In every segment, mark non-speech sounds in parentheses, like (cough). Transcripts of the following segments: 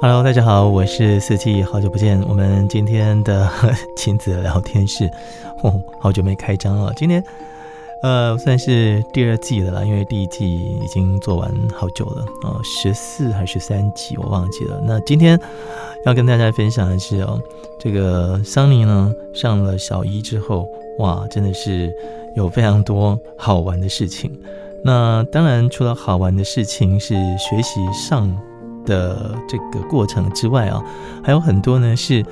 Hello，大家好，我是四季，好久不見。我們今天的 (laughs) 親子的聊天室，哦，好久沒開張了。今天呃，算是第二季的了啦，因為第一季已經做完好久了，哦、呃，十四還是三集，我忘記了。那今天要跟大家分享的是哦，這個桑尼呢上了小一之後，哇，真的是有非常多好玩的事情。那當然，除了好玩的事情，是學習上。的這個過程之外啊，還有很多呢是，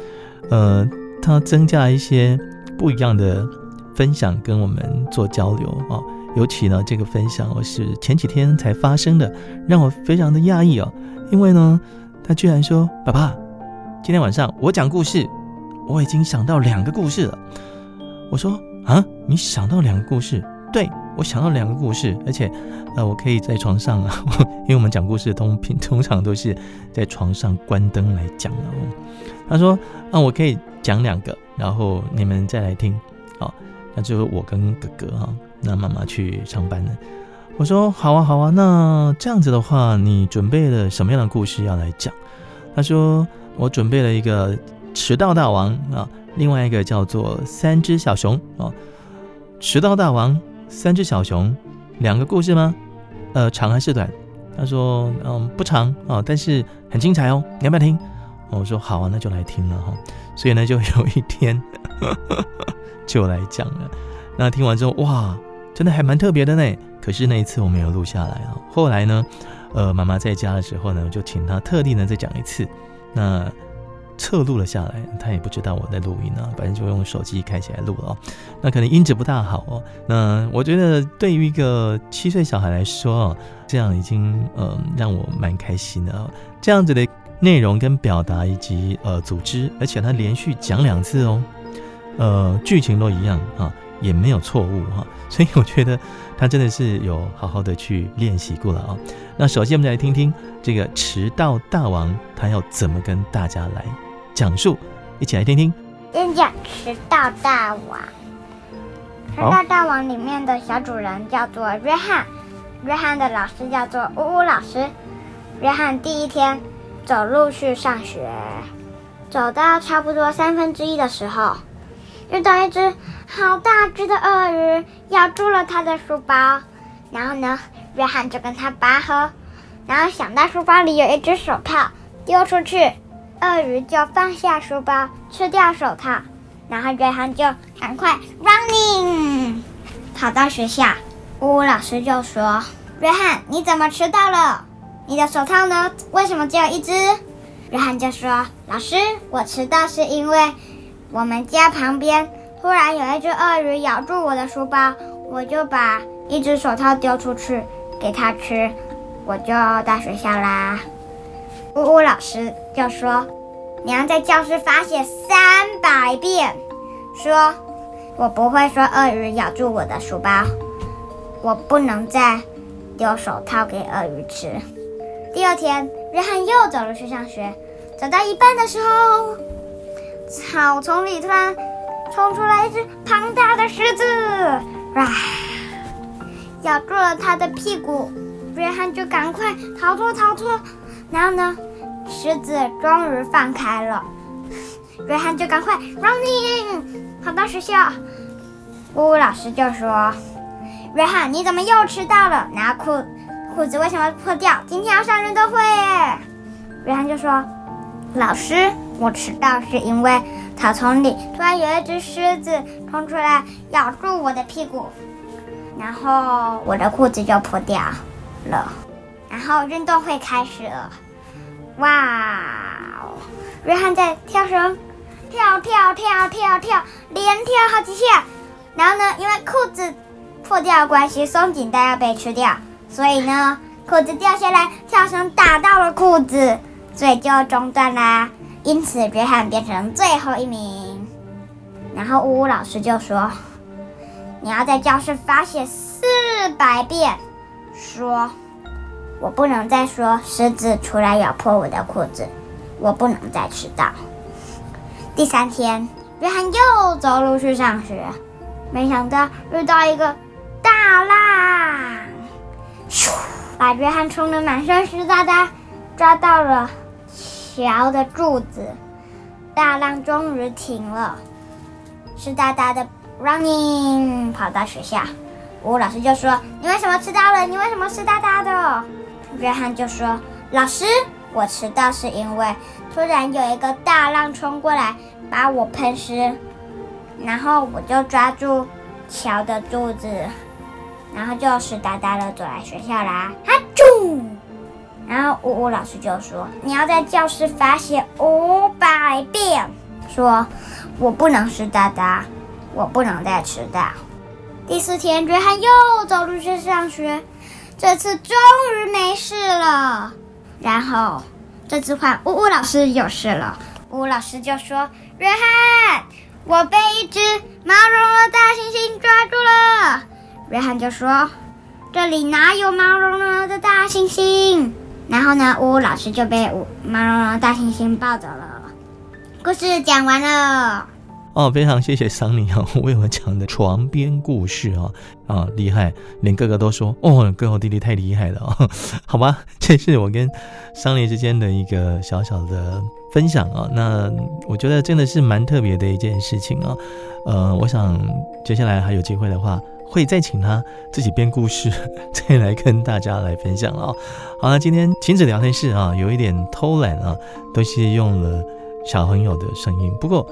呃，他增加一些不一樣的分享跟我們做交流啊。尤其呢，這個分享我是前幾天才發生的，讓我非常的訝異哦，因為呢，他居然說：“爸爸，今天晚上我講故事，我已經想到兩個故事了。”我說：“啊，你想到兩個故事？”對。我想到兩個故事，而且，呃，我可以在床上，因為我們講故事通通常都是在床上關燈來講啊。他說：“啊，我可以講兩個，然後你們再來聽哦。”好，那就是我跟哥哥哈，那媽媽去上班了。我說：“好啊，好啊。”那這樣子的話，你準備了什麼樣的故事要來講？他說：“我準備了一個遲到大王啊，另外一個叫做三只小熊哦。”遲到大王。三隻小熊，兩個故事嗎？呃，長還是短？她說，嗯、呃，不長啊，哦，但是很精彩哦。你要不要聽？我說好啊，那就來聽了哈，哦。所以呢，就有一天 (laughs) 就來講了。那聽完之後，哇，真的還蠻特別的呢。可是那一次我沒有錄下來啊。後來呢，呃，媽媽在家的時候呢，我就請她特地呢再講一次。那側錄了下來，他也不知道我在錄音啊，反正就用手機開起來錄了哦。那可能音質不大好哦。那我覺得對於一個七歲小孩來說哦，這樣已經呃讓我蠻開心的哦。這樣子的內容跟表達以及呃組織，而且他連續講兩次哦，呃劇情都一樣啊，也沒有錯誤啊，所以我覺得他真的是有好好的去練習過了哦。那首先我們再來聽聽這個遲到大王他要怎麼跟大家來。講述，一起來聽聽。演講《遲到大王》，遲到大王裡面的小主人叫做約翰，約翰的老師叫做嗚嗚老師。約翰第一天走路去上學，走到差不多三分之一的時候，遇到一隻好大隻的鱷魚咬住了他的書包，然後呢，約翰就跟他拔河，然後想到書包裡有一隻手套，丟出去。鱷魚就放下書包，吃掉手套，然後約翰就趕快 running 跑到學校。嗚、哦、嗚，老師就說：“約翰，你怎麼遲到了？你的手套呢？為什麼只有一隻？”約翰就說：“老師，我遲到是因為我們家旁邊突然有一隻鱷魚咬住我的書包，我就把一隻手套丟出去給它吃，我就到學校啦。”嗚嗚老師就說：“你要在教室罰寫三百遍。”說：“我不會說鱷魚咬住我的書包，我不能再丟手套給鱷魚吃。”第二天，約翰又走了去上學。走到一半的時候，草叢裡突然衝出來一只龐大的獅子，哇！咬住了他的屁股，約翰就趕快逃脫，逃脫。然後呢，獅子終於放開了，約翰就趕快 running 跑到學校。嗚嗚，老師就說：“約翰，你怎麼又遲到了？拿褲褲子為什麼破掉？今天要上運動會耶。”約翰就說：“老師，我遲到是因為草叢裡突然有一隻獅子衝出來咬住我的屁股，然後我的褲子就破掉了。”然後運動會開始了，哇！哦，瑞漢在跳繩，跳跳跳跳跳，連跳好幾下。然後呢，因為褲子破掉的關係，鬆緊帶要被吃掉，所以呢，褲子掉下來，跳繩打到了褲子，所以就中斷啦。因此，瑞漢變成最後一名。然後嗚嗚老師就說：“你要在教室罰寫四百遍，說。”我不能再說獅子出來咬破我的褲子，我不能再遲到。第三天，約翰又走路去上學，沒想到遇到一個大浪，咻，把約翰衝得滿身濕噠噠，答答抓到了橋的柱子。大浪終於停了，濕噠噠的 running 跑到學校，吳老師就說：“你為什麼遲到了？你為什麼濕噠噠的？”約翰就說：“老師，我遲到是因為突然有一個大浪沖過來把我噴濕，然後我就抓住橋的柱子，然後就濕噠噠的走來學校啦。”哈啾！然後嗚嗚老師就說：“你要在教室罰寫五百遍，說我不能濕噠噠，我不能再遲到。”第四天，約翰又走路去上學。這次終於沒事了，然後這次換嗚嗚老師有事了。嗚嗚老師就說：“約翰，我被一隻毛茸茸的大猩猩抓住了。”約翰就說：“這裡哪有毛茸茸的大猩猩？”然後呢，嗚嗚老師就被毛茸茸的大猩猩抱走了。故事講完了。哦，非常謝謝桑尼啊、哦，為我們講的床邊故事、哦、啊，啊厲害，連哥哥都說哦，哥哥弟弟太厲害了哦。好吧，這是我跟桑尼之間的一個小小的分享啊、哦。那我覺得真的是蠻特別的一件事情啊、哦。呃，我想接下來還有機會的話，會再請他自己編故事，再來跟大家來分享啊、哦。好了、啊，今天親子聊天室啊，有一點偷懶啊，都是用了小朋友的聲音，不過。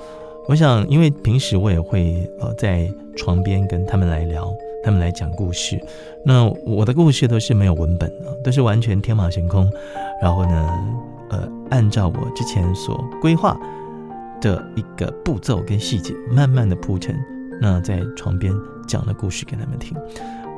我想，因為平時我也會呃在床邊跟他們來聊，他們來講故事。那我的故事都是沒有文本的，都是完全天馬行空。然後呢，呃，按照我之前所規劃的一個步驟跟細節，慢慢的鋪陳。那在床邊講的故事給他們聽。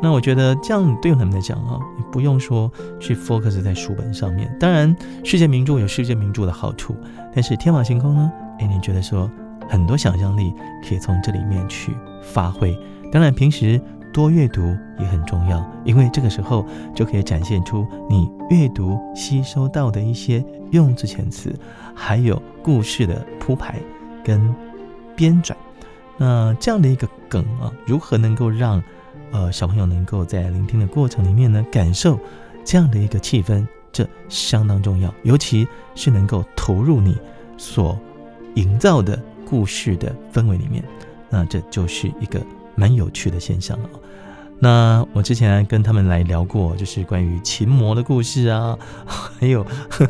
那我覺得這樣對他們的講啊、哦，不用說去 focus 在書本上面。當然，世界名著有世界名著的好處，但是天馬行空呢？哎，你覺得說？很多想象力可以從這裡面去發揮，當然平時多閱讀也很重要，因為這個時候就可以展現出你閱讀吸收到的一些用字遣詞，還有故事的鋪排跟編撰。那這樣的一個梗啊，如何能夠讓呃小朋友能夠在聆聽的過程裡面呢，感受這樣的一個氣氛，這相當重要，尤其是能夠投入你所營造的，故事的氛圍裡面，那這就是一個蠻有趣的現象了。那我之前跟他們來聊過，就是關於琴魔的故事啊，還有呵呵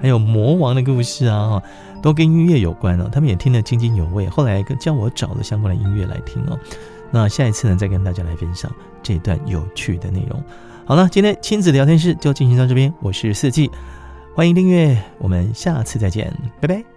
還有魔王的故事啊，都跟音樂有關哦。他們也聽得津津有味，後來跟叫我找了相關的音樂來聽哦。那下一次呢，再跟大家來分享這段有趣的內容。好了，今天親子聊天室就進行到這邊，我是四季，歡迎訂閱，我們下次再見，拜拜。